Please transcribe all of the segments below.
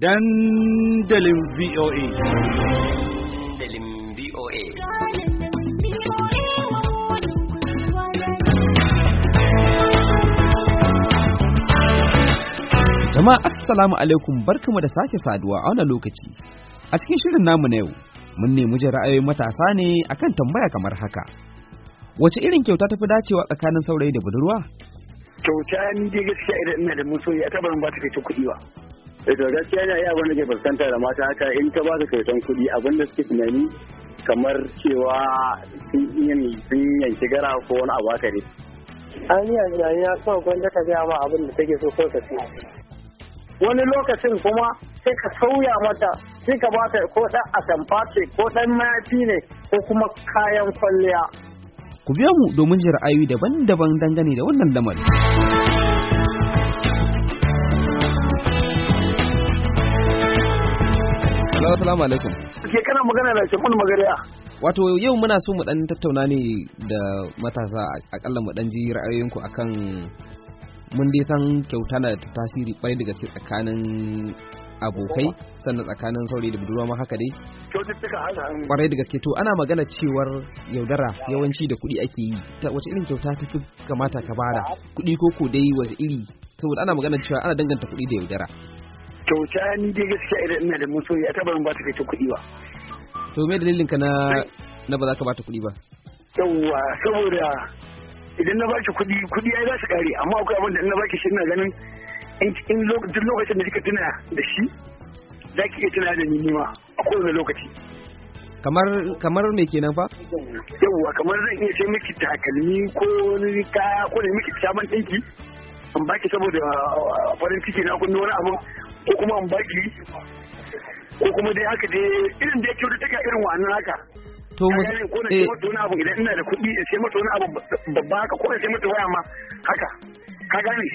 dandalin VOA. Dandalin VOA. Jama'a Assalamu alaikum barkamu da sake saduwa a wannan lokaci. A cikin shirin namu na yau, mun nemi jin ra'ayoyin matasa ne akan tambaya kamar haka. Wace irin kyauta tafi dacewa tsakanin saurayi da budurwa? Kyauta ni dai gaskiya idan ina da musoyi a tabarin ba ta kai kuɗi ba. eh to gaskiya ne abin da ke fuskanta da mata haka in ka ba su kyautan kuɗi abin da suke tunani kamar cewa sun yanki gara ko wani abu haka ne an yi yanzu ya so gwanda ka gaya ma abin da take so ko ta ce wani lokacin kuma sai ka sauya mata sai ka ba ta ko ɗan asamfa ce ko dan mayafi ne ko kuma kayan kwalliya ku biya mu domin jin ra'ayoyi daban-daban dangane da wannan lamarin assalamu alaikum. Ke kana magana da Shamul Magariya. Wato yau muna so mu dan tattauna ne da matasa akalla mu dan ji ra'ayoyinku akan mun dai san kyauta na da tasiri kwarai da gaske tsakanin abokai sannan tsakanin saurayi da budurwa ma haka dai kwarai da gaske to ana magana cewar yaudara yawanci da kuɗi ake yi ta wace irin kyauta ta fi kamata ka bada kuɗi ko ko dai wace iri saboda ana magana cewa ana danganta kuɗi da yaudara kyauta ni dai gaskiya idan ina da masoyi a tabarin ba ta kai ta kuɗi ba to me dalilin ka na na ba za ka ba ta kuɗi ba yawwa saboda idan na baki kuɗi kuɗi ai za su ƙare amma akwai abin da ina na baki shi ina ganin in duk lokacin da kika tuna da shi za ki iya tuna da ni nima a kowane lokaci kamar kamar me kenan fa yawwa kamar zan iya sai miki takalmi ko ni ka ko ne miki sabon ɗinki in baki saboda ah, farin ciki na kun wani abu ko kuma an baki ko kuma dai haka dai irin da yake kyaututtuka irin wannan haka to mu ko na ce eh. mata wani abu idan ina da kuɗi in ce mata wani abu babba haka ko sai ce mata waya ma haka ka gani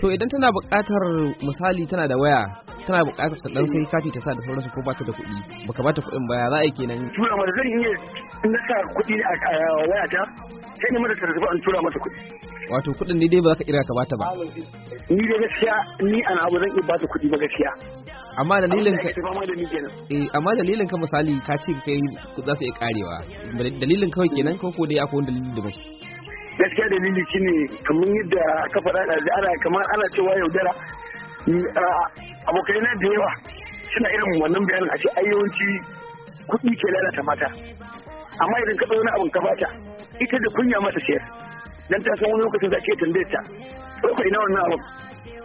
to idan tana buƙatar misali tana da waya tana buƙatar ta dan sai kati ta sa da sauransu ko bata da kuɗi baka bata kuɗin ba ya za a yi kenan tura mata zan iya in na sa kuɗi a wayata sai ne mata ta rubuta an tura mata kuɗi wato kuɗin ne dai ba za ka kira ka bata ba ni da gaskiya ni an abu zan iya bata kuɗi ba gaskiya amma dalilin ka eh amma dalilin ka misali ka ce kai za su iya karewa dalilin kawai kenan ko ko dai akwai wani dalili daban gaskiya dalili shine kamar yadda ka faɗa da ana kamar ana cewa yaudara abokaina da yawa suna irin wannan bayanin a ce ayyawanci kuɗi ke lalata mata amma idan ka wani abin ka bata ita da kunya mata ce dan ta san wani lokacin za ke tambaye ta ko ina wannan abu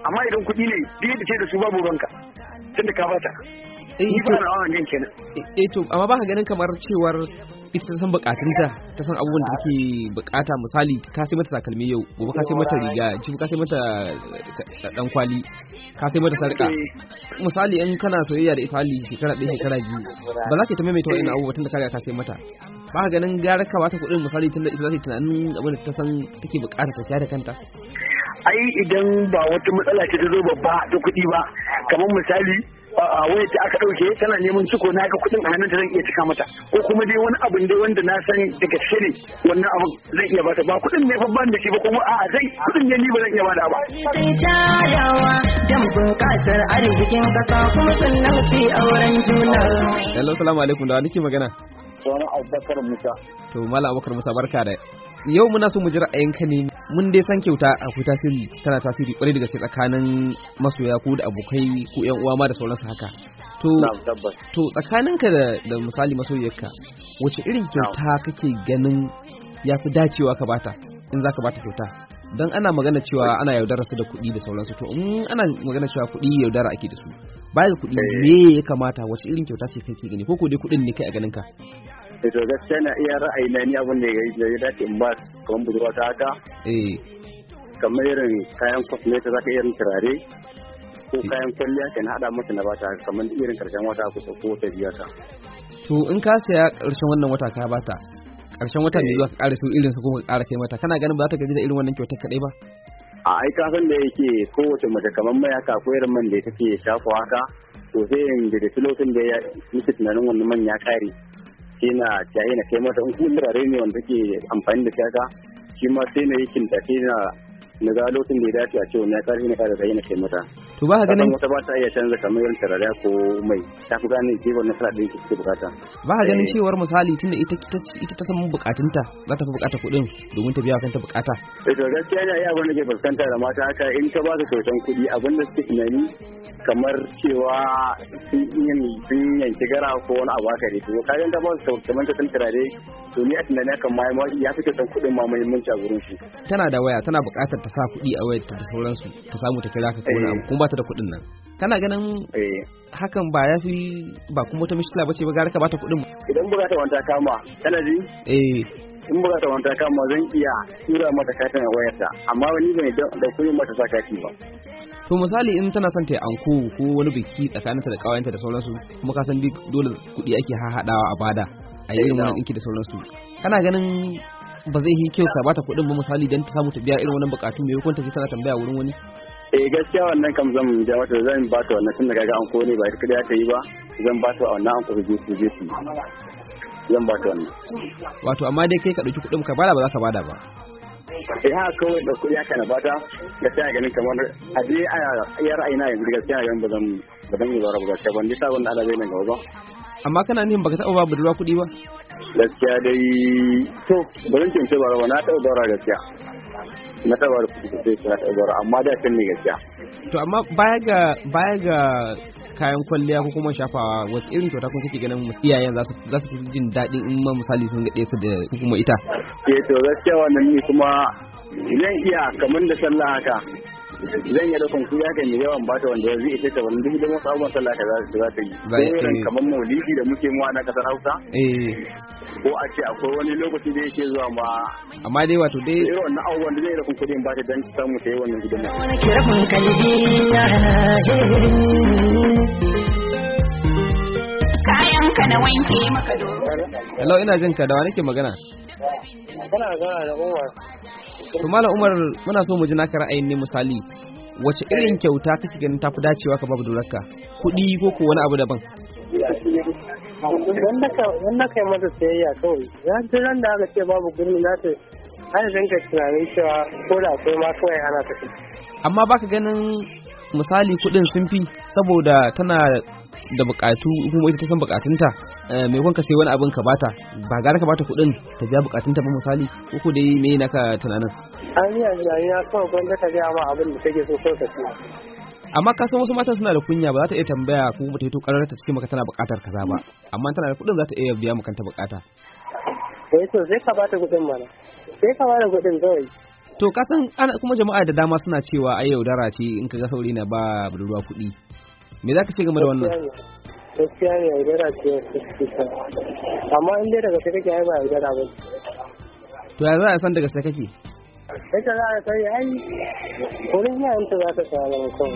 amma idan kuɗi ne duk da ce da su babu ranka tunda ka bata eh, ni ba na wannan kenan eh, eh to amma ba ka ganin kamar cewar ita ta san bukatunta ta san abubuwan da take bukata misali ka sai mata takalmi yau gobe ka sai mata riga jibi ka sai mata eh, dan kwali ka sai mata sarka misali in kana soyayya da ita hali shekara ɗaya shekara biyu ba za ka ta maimaita wa'in abubuwa tunda ka riga ka sai mata ba ka ganin gara ka bata kuɗin misali tunda ita za ta tunanin abin da ta san take bukata ta siya da kanta ai idan ba wata matsala ce ta zo babba ta kuɗi ba kamar misali wani da aka dauke tana neman ciko na ga kudin a hannun da zan iya cika mata ko kuma dai wani abin da wanda na san da gaske ne wannan abin zan iya bata ba kudin ne fa ban da shi ba kuma a zai kudin ne ni ba zan iya bada ba dan bunƙasar hello alaikum da ke magana sunan Abubakar Musa to mala Abubakar Musa barka da yau muna so mu ji ra'ayinka ne mun dai san kyauta akwai tasiri tana tasiri kwarai da gaske tsakanin masoya ko da abokai ko yan uwa ma da sauransu haka to to tsakaninka da da misali masoyarka wace irin kyauta kake ganin yafi dacewa ka bata in zaka bata kyauta dan ana magana cewa ana yaudara su da kuɗi da sauransu to in ana magana cewa kuɗi yaudara ake da su bayan kuɗi eh. me ya kamata wace irin kyauta ce kake gani ko ko dai ne kai a ganin ka eh to gaskiya na iya ra'ayi na ni abin da ya dace in ba kamar budurwa ta haka eh. kamar irin kayan za ka irin turare ko eh. kayan kwalliya na hada mata na bata kamar irin karshen wata ko ko ta biya ka. to in ka saya karshen wannan wata ka bata karshen wata ne eh. zuwa ka ƙara su irin su ko ka ƙara kai mata kana ganin ba za ta gaji da irin wannan kyautar kadai ba a ai ka san da yake kowace mace kamar mai haka ko irin man da take shafa haka to sai in da da lokacin da ya yi tunanin wannan man ya kare sai na ciyayi na kai mata in kuma turare ne wanda take amfani da shaka shi ma sai na yi kinta sai na na ga lokacin da ya dace a ce wani ya ƙarfi na zai na kai mata. to ba ganin wata ba ta iya canza kamar yan tarare ko mai ta fi gane ke wannan sala din ke bukata ba ganin eh. cewar misali tunda ita ita ta san bukatunta za ta fi bukata kuɗin domin ta biya kanta bukata eh to gaskiya ne ai abin da ke fuskanta da mata haka in ta ba su kyautan kuɗi abin da suke tunani kamar cewa sun yin yanki gara ko wani abu haka ne to kayan ta ba su kamar ta san tarare to ni a tunani kan ma ya fi kyautan kuɗin ma muhimmanci a gurin shi tana da waya tana bukatar ta sa kuɗi a ta da sauransu ta samu ta kira ka ko wani eh. abu kuma ba ta da kuɗin nan kana ganin eh. hakan ba ya fi ba kuma wata mishila ba ce ba gara ka bata kuɗin idan ta wanta kama kana ji eh in ta wanta kama zan iya tura mata katin a wayarta amma wani bai da kuma mata sa kati ba to misali in tana son ta yi anko ko wani biki tsakaninta da kawayenta da sauransu kuma ka san dole kuɗi ake hahadawa a bada a yi irin wannan ɗinki da sauransu kana ganin ba zai yi kyau ka bata kuɗin ba misali don ta samu ta biya irin wannan bukatu mai hukunta ke tana tambaya wurin wani eh gaskiya wannan kam zan ja mata zan ba ta wannan tun da kaga an kone ba ita kada ta yi ba zan ba ta wannan an kuma je su je su zan ba ta wannan wato amma dai kai ka dauki kudin ka bada ba za ka bada ba eh ha kawai da kudi haka na bata gaskiya ganin kamar a je a yar aina yanzu gaskiya ganin ba zan ba zan yi ba rabu gaskiya ban nisa wannan alabai nan gaba amma kana nihin baka taɓa ba budurwa kuɗi ba gaskiya dai to ba zan ce ba na taɓa daura gaskiya na taba da kuɗi sosai su na taɓa amma da kan ne gaskiya. To amma baya ga baya ga kayan kwalliya ko kuma shafawa wasu irin kyauta kun kake ganin musu iyayen za su fi jin daɗin in ma misali sun gaɗe su da su kuma ita. Ke eh to gaskiya wannan ne kuma zan iya kamar da sallah haka zan yi lokacin kuya kan yi yawan bata wanda zai ita ta wani duk da masu abubuwan sallah ta za su za ta yi. Ko irin kamar maulidi da muke muwa na kasar Hausa. Eh. Ko a ce akwai wani lokaci da yake zuwa ma. Amma dai wato dai. Irin wannan abubuwan da zai lokacin kudin bata don samu ta yi wannan hidima. Kayan ka na wanke maka Hello ina jin ka da wani ke magana? Kana magana da Umar. to mala umar muna so mu ji naka ra'ayin ne misali wace irin kyauta kake ganin tafi dacewa ka babu dorarka kuɗi ko ko wani abu daban wanda kai mata sayayya kawai ya ji ran da aka ce babu gurin na ta zan ka tunanin cewa ko da akwai ma kawai ana ta amma baka ganin misali kuɗin sun fi saboda tana da bukatu kuma ita ta san bukatunta eh, mai kwanka sai wani abin ka bata ba gara ka bata kuɗin ta biya bukatunta ba misali ko ko dai me naka tunanin an yi tunani na kuma gwanda ta gaya ma abin da take so so ta amma ka san wasu mata suna da kunya ba za ta iya tambaya ko ba ta yi to karar ta cikin maka tana bukatar kaza ba amma tana da kuɗin za ta iya biya maka ta bukata eh to sai ka bata kudin mana sai ka bata kudin kawai to kasan ana kuma jama'a da dama suna cewa ai yaudara ce in kaga saurayi na ba budurwa kuɗi me za ka ce game da wannan gaskiya ne yaudara ce amma in dai daga kake ai ba a yaudara ba to ya za a san daga kake ita za a sai ai wurin yayanta za ta samu kawai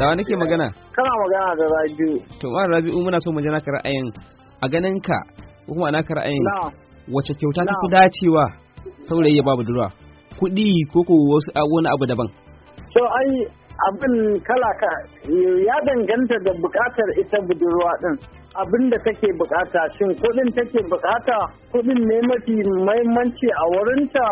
da wani ke magana kana magana da rabiu to ma rabiu muna so mu ji naka ra'ayin a ganin ka ko kuma naka ra'ayin wace kyauta ta fi dacewa saurayi ya ba budurwa kuɗi ko ko wasu wani abu daban to ai abin kalaka ya danganta da bukatar ita budurwa din abin da take bukata shin kudin take bukata kudin ne mafi maimanci a wurinta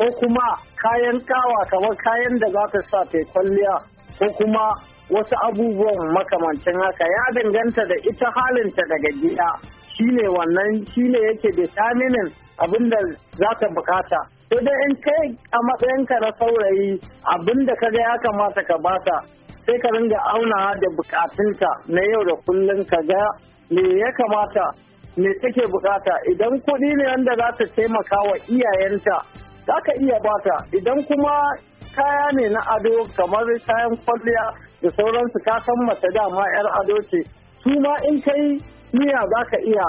ko kuma kayan kawa kamar kayan da za ta sa ta kwalliya ko kuma wasu abubuwan makamancin haka ya danganta da ita halinta daga gida shine wannan shine yake da abin da za ta bukata idan in kai a matsayinka na saurayi abinda da ka ga ya kamata ka bata sai ka ringa auna da bukatunka na yau da kullum ka ga me ya kamata me take bukata idan kuɗi ne wanda za ta taimaka wa iyayenta za ka iya bata idan kuma kaya ne na ado kamar kayan kwalliya da sauransu ka san mace dama yar ado ce su ma in kai miya za ka iya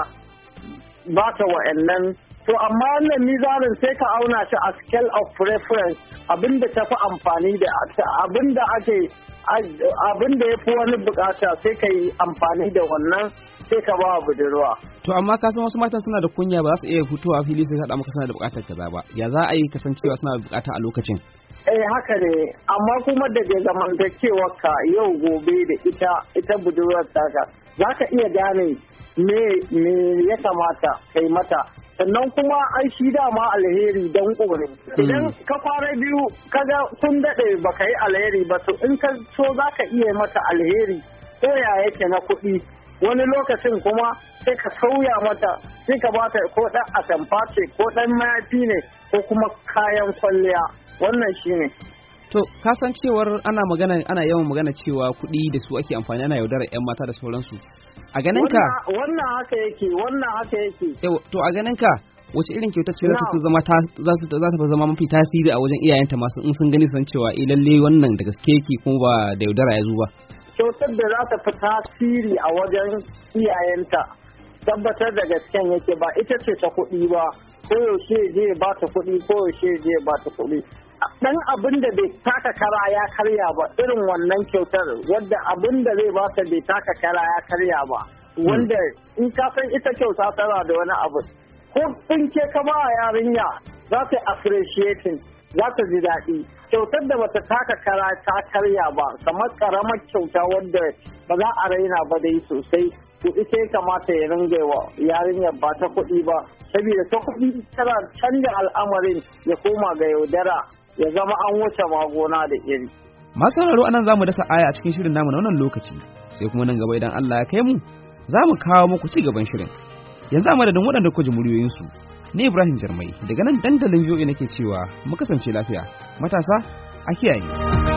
bata wa'annan to amma wannan zarin sai ka auna shi a scale of preference abinda ta fi amfani da abinda ake abinda ya fi wani bukata sai ka yi amfani da wannan sai ka ba budurwa. To amma ka san wasu matan suna da kunya ba za su iya fitowa fili sai hada maka suna da bukatar kaza ba. Ya za a yi kasancewa suna da bukata a lokacin? Eh haka ne, amma kuma daga zamantakewar ka yau gobe da ita ita budurwar taka za ka iya gane me ya kamata kai mata sannan kuma ai shi dama alheri don ƙorin idan hmm. ka fara biyu kaga kun daɗe baka yi alheri ba to in ka so za ka iya mata alheri ko ya yake na kuɗi wani lokacin kuma sai ka sauya mata sai ka bata ko ɗan asamfa ce ko ɗan mayafi ne ko kuma kayan kwalliya wannan shi ne To kasancewar ana magana ana yawan magana cewa kuɗi da su ake amfani ana yaudarar 'yan mata da sauransu. A ganin ka? Wannan haka yake, wannan haka yake. To a ganin ka wace irin kyauta ce za ta zama za su za ta zama mafi tasiri a wajen iyayenta masu in sun gani san cewa eh lalle wannan da gaske yake kuma ba da yaudara ya zo ba. Kyautar da za ta fi tasiri a wajen iyayenta tabbatar da gasken yake ba ita ce ta kuɗi ba koyaushe zai ba ta kuɗi koyaushe zai ba ta kuɗi dan abin da bai taka kara ya karya ba irin wannan kyautar wadda abin da zai ba ta bai taka kara ya karya ba hmm. wanda in ka san ita kyauta tana da wani abu ko in ke ka ba yarinya za ta appreciating za ta ji daɗi kyautar da bata taka kara ta karya ba kamar karamar kyauta wadda ba za a raina ba dai sosai to ita ya kamata ya ringa wa yarinyar ba ta kuɗi ba saboda ta kuɗi tana canza al'amarin ya koma ga yaudara ya zama an wuce magona da iri. Masu sauraro anan za mu dasa aya a cikin shirin namu na wannan lokaci sai kuma nan gaba idan Allah ya kai mu za mu kawo muku ci gaban shirin. Yanzu a madadin waɗanda ku ji ni Ibrahim Jarmai daga nan dandalin VOA nake cewa mu kasance lafiya matasa a kiyaye.